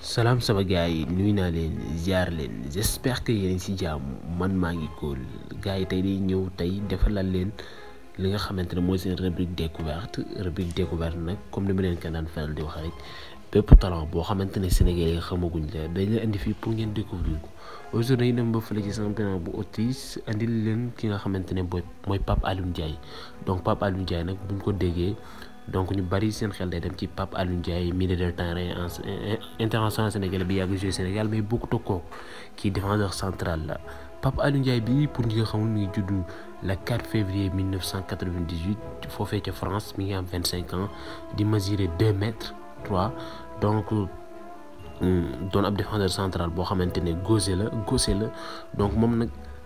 salaam sama gars yi nuyu naa leen ziar leen j'espère que yéen ci jàmm man maa ngi kool gars yi tey day ñëw tey defalal leen li nga xamante ne mooy seen rubrique découverte rubrique découverte nag comme ni ma leen ko daan faral di wax rek bépp talent boo xamante ne Sénégalais yi xamaguñ la dañ la indi fii pour ngeen découvrir ko aujourd'hui dem ba fële ci championnat bu autis andil leen ki nga xamante ne mooy Pape Alioune Ndiaye donc Pape Alioune Ndiaye nag buñ ko déggee donc ñu bari seen xel day dem ci Pape Alioune Ndiaye milieu de terrain euh, international sénégal bi yàgg jouer Sénégal mais beaucoup ak ki défenseur central la Pape Alioune Ndiaye bi pour ñi nga xamul mi ngi judd le 4 février 1998 foofee ca France mi ngi am 25 ans di mesurer 2 mètres 3 donc euh, doon ab défenseur central boo xamante ne gaucher la la donc moom nag.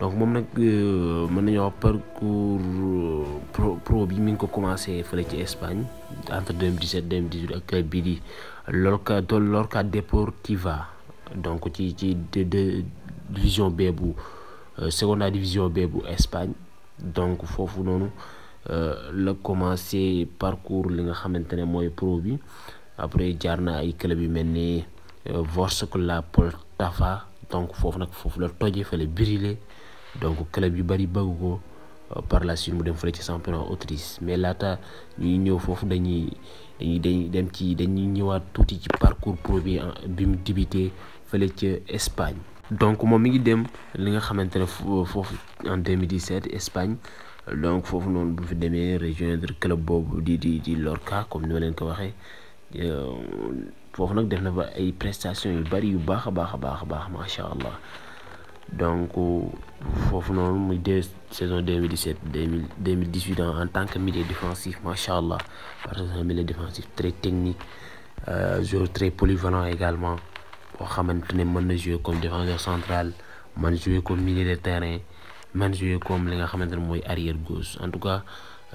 donc moom nag euh, mën nañoo wax parcours euh, pro bi mi ngi ko commencé fële ci Espagne entre 2017 2018 ak club bii di Lorca Lorca Deportiva donc ci ci de division B bu euh, seconda division B bu Espagne donc foofu noonu la commencé parcours li nga xamante ne mooy pro bi après jaar na ay club yu mel ni Vorskla Poltava donc fofu nak fofu la tojee fële brûlé donc club yu bari bëgg ko euh, par la suite mu dem fële ci championnat Autriche mais lata ñuy ñëw fofu dañuy dañuy dem ci dañuy ñëwaat tuuti ci parcours pro bi hein, bi mu débuté fële ca Espagne. donc mom mi ngi dem li nga xamantene fofu en 2017 Espagne donc fofu non bu fi démé rejoindre club boobu di di di Lorca comme ni ma leen ko waxé euh, foofu nag def na fa ay prestations yu bari yu baax a baax a baax a baax macha allah donc foofu noonu muy deux saison 2017 2018 en tant que milieu défensif macha allah parce que un milieu défensif très technique euh, joueur très polyvalent également boo xamante ne mën na jouer comme défenseur central man jouer comme milieu de terrain man jouer comme li nga xamante ne mooy arrière gauche en tout cas.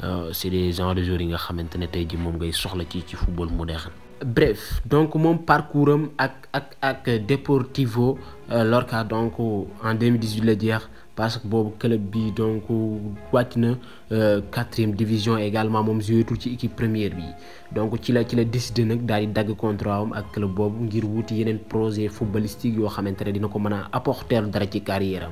Euh, c'est les gens de joueurs yi nga xamantene tay ji mom ngay soxla ci ci football moderne bref donc mon parcours am ak ak ak Deportivo euh, Lorca donc en 2018 la parce que boobu club bi donc wàcc na euh, quatrième division également moom jouetul ci équipe première bi donc ci la ci la décidé nak daal di contre contrat am ak club bob ngir wuti yenen projet footballistique yo xamantene dina ko mën apporter dara ci carrière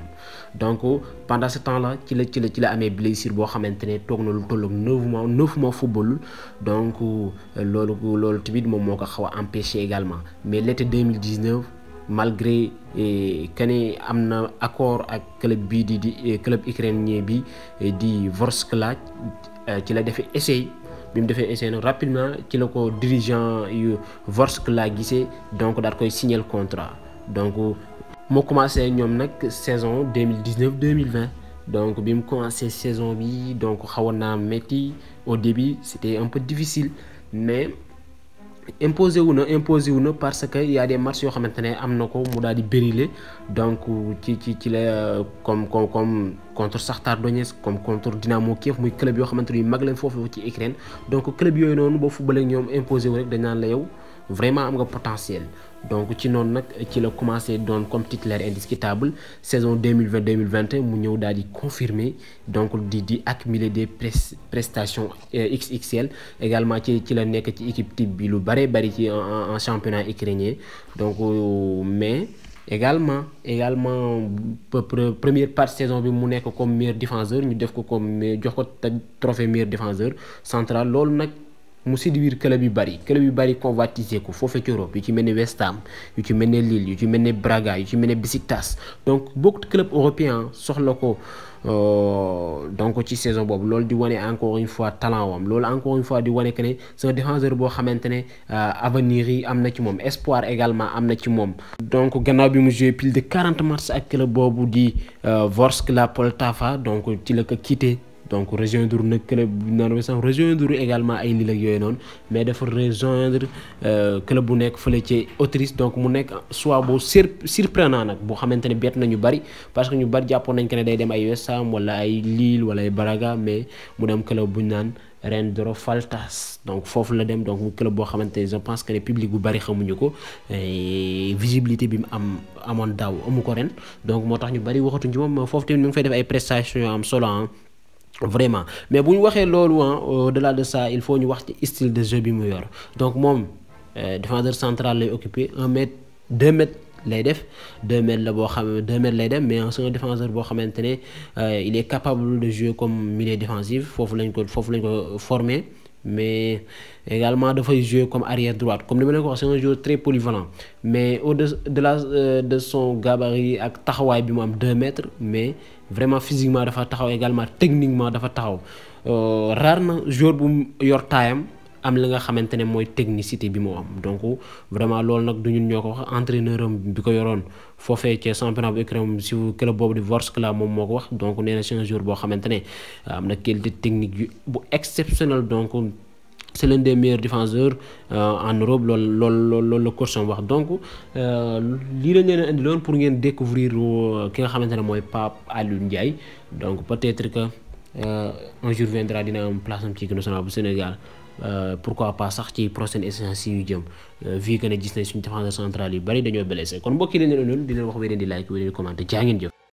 donc pendant ce temps là ci la ci la ci la amé blessure bo xamantene ne toog na lu neuf mois neuf mois football donc euh, lolu lolu tibit mom moko xawa empêcher a empêché également mais l'été 2019 malgré eh, que ne accord ak club di eh, club ukrainien bi eh, di Vorskla ci la défé essai bi mu essai a rapidement ci lako dirigeant yu Vorskla gisee donc daal koy signer contrat donc mo commencé la saison 2019 2020 donc bi mu commencé saison bi donc xawona metti au début c'était un peu difficile mais imposé ou non imposé ou non parce que il y a des matchs yoo maintenant amnoko muda na di briller donc ci ci ci les comme comme comme contre Sartar Donetsk comme contre Dynamo Kiev muy club yoo maintenant il yu mag leen foofu ci Ukraine donc club yooyu noonu football footballee ñoom imposé wu rek dañ naan la yow vraiment un potentiel donc ci non nak ci la commencé comme titulaire indiscutable saison 2020 2021 mu dit daal confirmer donc di di accumuler des prestations euh, XXL également ci ci la nekk ci équipe type bi lu bari bari en championnat ukrainien donc euh, mais également également première partie saison bi mu comme meilleur défenseur ñu def ko comme jox ko trophée meilleur défenseur central loolu mu si club yu bari club yu bari convoitisé ko fofé ci Europe yu ci mel West Ham yu ci mel Lille yu ci mel Braga yu ci mel Besiktas donc beaucoup de clubs européens soxla ko euh, donc ci saison bobu loolu di wane encore une fois talent wam loolu encore une fois di wane que ce c'est défenseur bo xamante ne euh, avenir yi amna ci mom espoir également amna ci mom donc gannaaw bi mu jouer pile de 40 matchs ak club bobu di euh, Vorskla Poltava donc ci le quitter quitté donc rejoindre na club bu ñu naan rejoindre également ay Lille ak yooyu noonu mais dafa rejoindre euh, club bu nek fële ci autrice donc mu nek soit bo surprenant nak bo xamanteni bet nañu bari parce que ñu bari jàppoon nañ ken day dem ay West wala ay Lille wala ay Braga mais mu dem club bu ñu reine Rendro Faltas donc fofu la dem donc mu club bo xamanteni je pense que ne public bu bari xamuñu ko visibilité bi am amoon daw amuko ren donc motax ñu bari waxatu ci moom foofu tamit mu ngi fay def ay prestations am solo hein vraiment mais buñ waxé waxee loolu ah hein, au delà de ça il faut ñu wax ci style de jeu bi mu yor donc mom euh, défenseur central lay occupé 1 mètre 2 mètres lay def 2 mètres la bo xam 2 mètres lay dem mais c'est un défenseur bo xamantene ne euh, il est capable de jouer comme milieu défensif fofu lañ ko fofu lañ ko former mais également fois jouer comme arrière droite comme le c'est un joueur très polyvalent mais au de delà euh, de son gabarit ak y bi 2 mètres mais vraiment physiquement de également techniquement de taxaw euh, rare joueur pour yor am li nga xamantene moy technicité bi mo am donc vraiment lool nak du ñun ñoko wax entraîneur am bi ko yoroon foofee ca championnat bu Ukraine si club bobu di Vorskla mom moko wax donc néna na c'est un jour bo xamantene am na qualité technique bu exceptionnel donc c'est l'un des meilleurs défenseurs euh, en Europe loolu loolu loolu le coach am wax donc euh, li lañ leen indi loon pour ngeen découvrir euh, ki nga xamantene moy mooy Pape Aliou Ndiaye donc peut-être que un jour viendra dina am place am ci équipe bu Sénégal Euh, pourquoi pas sax ci prochaine échéance yi ñu jëm euh, vu que ne gis nañ suñu défenseur central yu bari dañoo blessé kon mbokki leen ne loolu di wax wéy like wéy leen di commenter jëf